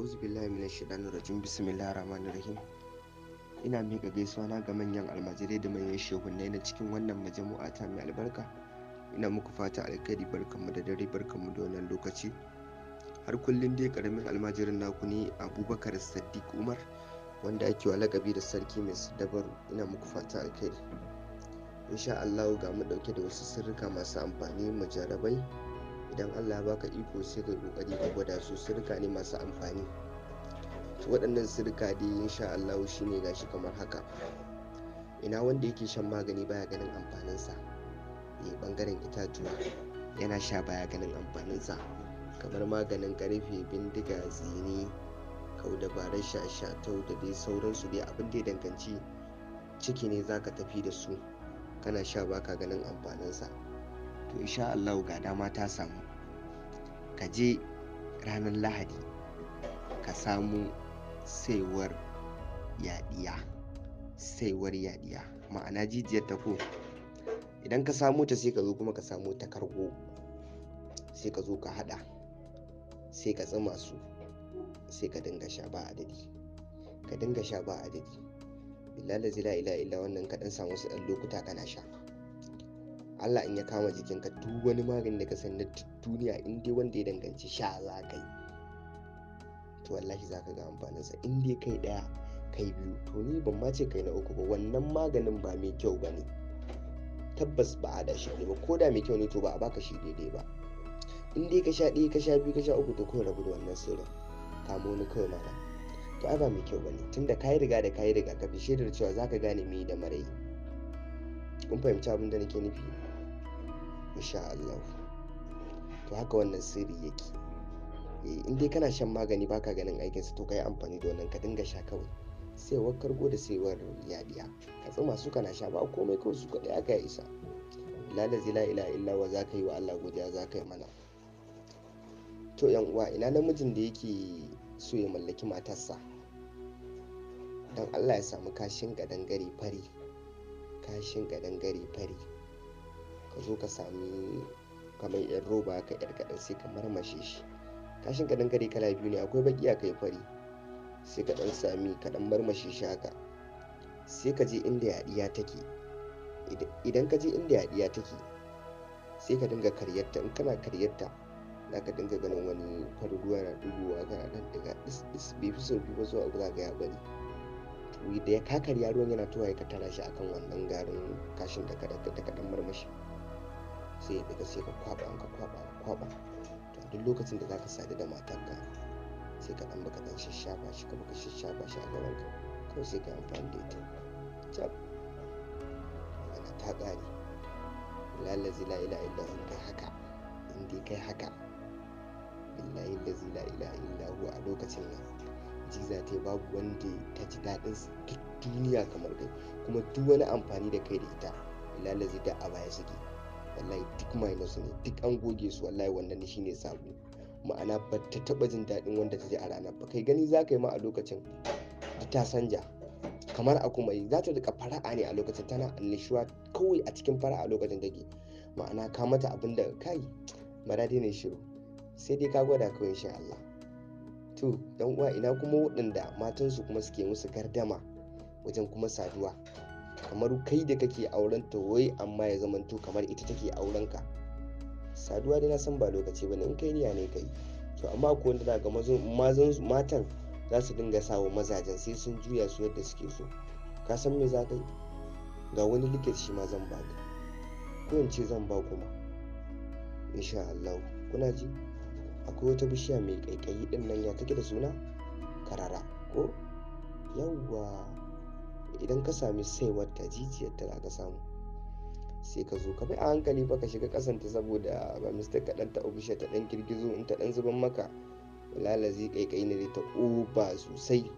a'udhu billahi minash shaitanir rajim bismillahir rahmanir rahim ina mika gaisuwa na ga manyan almajirai da manyan shehunnai na cikin wannan majamu'a ta mai albarka ina muku fata alkhairi barkanmu da dare barkanmu da wannan lokaci har kullum dai karamin almajirin naku ne abubakar sadiq umar wanda ake wa lakabi da sarki mai sadabar ina muku fata alkhairi insha allahu ga mu dauke da wasu sirrika masu amfani mu jarabai idan allah ya baka iko sai ka kokari ka gwada su sirka ne masu amfani waɗannan sirka dai insha allahu ne gashi kamar haka ina wanda yake shan magani baya ganin amfaninsa ne eh, bangaren itatuwa yana sha baya ganin amfaninsa kamar maganin karfe bindiga zini kau dabarar ta da dai sauransu dai abin da ya danganci ciki ne za ka tafi da su kana sha baka ganin amfaninsa to insha Allah ga dama ta samu ka je ranar lahadi ka samu saiwar yaɗiya saiwar yadiya ma'ana jijiyar ta ko idan ka samu ta sai ka zo kuma ka samu ta kargo sai ka zo ka haɗa sai ka tsima su sai ka dinga sha ba adadi ka dinga sha ba adadi billahi la ila ila wannan ka dan samu su dan lokuta kana sha Allah in ya kama jikinka duk wani magani da ka sani na duniya in dai wanda ya danganci sha za ka yi to wallahi za ka ga amfaninsa in dai kai daya kai biyu to ni ban ma ce kai na uku ba wannan maganin ba mai kyau ba ne tabbas ba a da shi ne ba ko da mai kyau ne to ba a baka shi daidai ba in dai ka sha ɗaya ka sha biyu ka sha uku to kawai rabu da wannan sirrin kamo ni kawai mara to ai ba mai kyau ba ne tunda yi riga da yi riga ka fi shaidar cewa za ka gane me da marai kun fahimci abin da nake nufi insha Allah to haka wannan sirri yake eh, in dai kana shan magani baka ganin aikinsa to ka yi amfani da wannan ka dinga sha kawai saiwar kargo da saiwar yadiya ka tsuma su kana sha ba komai kawai su kaɗai aka ya isa lalazi la ila illa wa za ka yi wa Allah godiya za ka yi mana to yan uwa ina namijin da yake so ya mallaki matarsa don Allah ya samu kashin gadangare fari kashin gadangare fari ka zo ka sami kamar yan roba ka yar kaɗan sai ka marmashe shi kashin ka kare kala biyu ne akwai baki kai fari sai ka ɗan sami ka ɗan marmashe shi haka sai ka je inda yaɗiya take idan ka je inda yaɗiya take sai ka dinga karyarta in kana karyarta za ka dinga ganin wani farin ruwa na dubuwa kana ɗan daga is bai fi sau biyu ba zuwa uku za ya bari to da ya kakar ruwan yana tuwa ya ka tara shi akan wannan garin kashin da kaɗan marmashi sai ya daga sai ka kwaba ka kwaba ka kwaba to duk lokacin da zaka sadu da matarka sai ka dan baka dan shashafa shi ka baka shashafa shi a gaban ka ko sai ka amfani da ita cap ana ta kare lalazi la ila illa in kai haka in dai kai haka billahi lazi la ila illa hu a lokacin nan jiza ta babu wanda ta ji daɗin duniya kamar kai kuma duk wani amfani da kai da ita lalazi da a baya suke wallahi duk minus ne duk an goge su wallahi wannan shine sabo ma'ana ba ta taba jin daɗin wanda ta je a rana. ba kai gani za ka ma a lokacin da ta sanja kamar a kuma yi za ta rika fara'a ne a lokacin tana annishuwa kawai a cikin fara'a lokacin take ma'ana ka mata abin da kai maradi ne shiru sai dai ka gwada kawai insha Allah to dan uwa ina kuma waɗanda matansu kuma suke musu gardama wajen kuma saduwa kamar kai da kake auren ta wai amma ya to kamar ita take auren ka saduwa dai na san ba lokaci bane in kai niyya ne kai to amma ko wanda daga mazan matan za su dinga sawa mazajen sai sun juya su yadda suke so ka san me za kai ga wani likit shi ma zan baka ko in ce zan ba kuma insha Allah kuna ji akwai wata bishiya mai kaikayi din nan ya take da suna karara ko yawwa idan ka sami saiwar ta jijiyar ta ka samu sai ka zo ka bi a hankali ba ka shiga kasan ta saboda ba mista ka dan ta ofishe ta dan girgizo in ta dan zuban maka lalazi kaikai ne ta oba sosai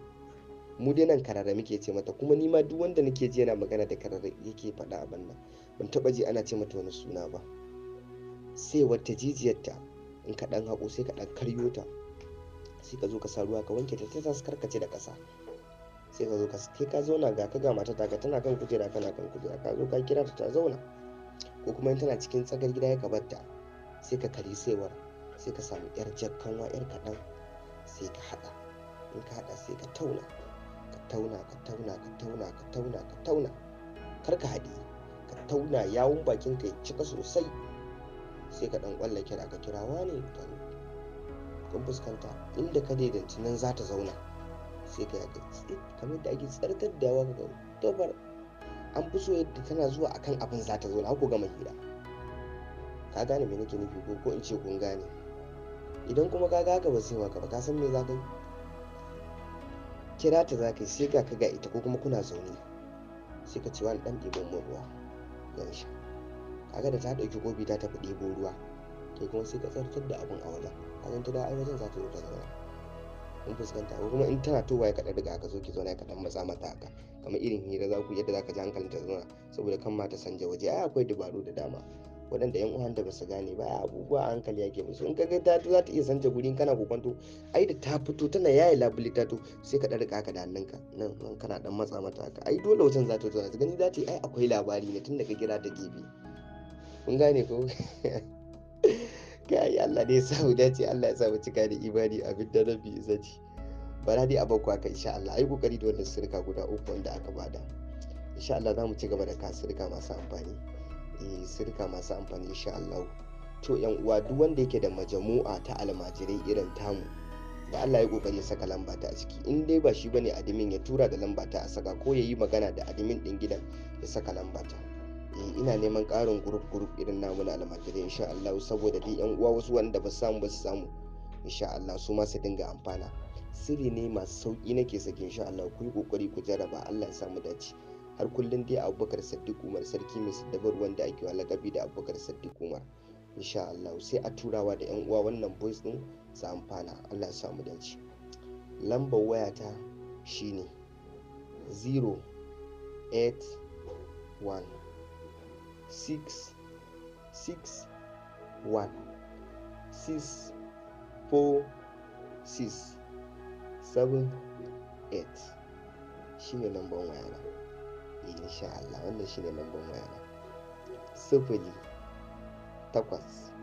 mu dai nan karara muke ce mata kuma ni ma duk wanda nake ji yana magana da karara yake faɗa a banna ban taba ji ana ce mata wani suna ba sai wata jijiyarta in ka dan haƙo sai ka dan karyo ta sai ka zo ka sa ruwa ka wanke ta ta karkace da kasa sai ka zo ka kai ka zauna ga ka ga mata ta ka tana kan kujera kana kan kujera ka zo ka kira ta ta zauna ko kuma in tana cikin tsakar gida ya ka batta sai ka kare saiwar sai ka samu yar jakkanwa yar kaɗan sai ka haɗa in ka haɗa sai ka tauna ka tauna ka tauna ka tauna ka tauna ka tauna kar ka haɗi ka tauna yawun bakin ka ya cika sosai sai ka ɗan ƙwalla kira ka kira wane ka fuskanta inda ka daidanci nan za ta zauna sai ka yaɗa tsit kamar yadda ake tsartar da yawa ga tofar an fi so yadda tana zuwa akan abin za ta zauna ku gama hira ka gane me nake nufi ko in ce kun gane idan kuma ka ga ba sai maka ba ka san me za ka yi kira ta za ka yi sai ga ka ga ita ko kuma kuna zaune sai ka cewa wani dan ɗiban mu ruwa zan sha kaga da ta ɗauki kofi ta tafi ɗebo ruwa kai kuma sai ka tsartar da abin a wajen kaga ta da ai wajen za ta zo ta zauna in fuskanta ko kuma in tana towa ya kaɗan riga ka zo ki zauna ya kaɗan matsa mata haka kamar irin hira za ku yadda za ka ji hankalin ta zauna saboda kan mata sanja waje ai akwai dabaru da dama waɗanda yan uwan da ba su gane ba abubuwa a hankali yake musu in ka ga ta za ta iya sanja gurin kana kokonto ai da ta fito tana yaye labule ta to sai ka ɗarka ka da hannunka nan kana dan matsa mata haka ai dole wajen za ta zo ta gani za ta yi ai akwai labari ne tun daga gira ta gefe kun gane ko kai Allah ne ya mu dace Allah ya sa mu cika da imani abin da rabi ba na dai abin kwaka insha Allah ai kokari da wannan sirka guda uku wanda aka bada insha Allah za mu ci gaba da ka sirka masu amfani eh sirka masu amfani insha Allah to yan uwa duk wanda yake da majamu'a ta almajirai irin tamu da Allah ya kokari ya saka lamba ta a ciki in dai ba shi bane admin ya tura da lamba ta a saka ko ya yi magana da admin din gidan ya saka lamba ta Eh, ina neman ƙarin gurub group irin namu na almajirai insha Allah saboda dai yan uwa wasu wanda ba samu ba su samu insha Allah su ma su dinga amfana sirri ne masu sauki nake saki insha Allah ku yi kokari ku jaraba Allah ya samu dace har kullun dai Abubakar Saddiq Umar sarki mai saddabar wanda ake wa lakabi da Abubakar Saddiq Umar insha Allah sai a turawa da yan uwa wannan voice din su amfana Allah ya samu dace lambar wayata shine 081 six six one six four six seven eight shi ne lambar wayana eh, insha Allah wannan ne lambar wayana sifili takwas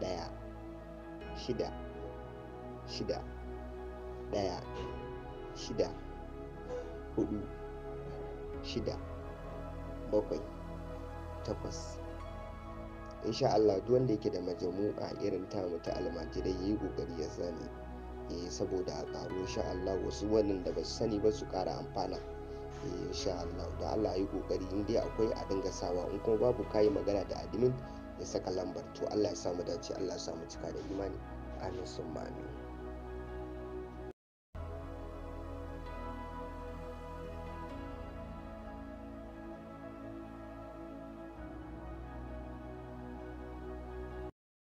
ɗaya shida shida ɗaya shida hudu shida bakwai takwas insha Allah duk wanda yake da majamu'a irin ta mu ta almajirai yayi kokari ya sani eh saboda a karo insha Allah wasu wannan da ba su sani ba su kara amfana eh insha Allah da Allah yi kokari in dai akwai a dinga sawa in kuma babu kai magana da admin ya saka lambar to Allah ya samu dace Allah ya samu cika da imani amin summa amin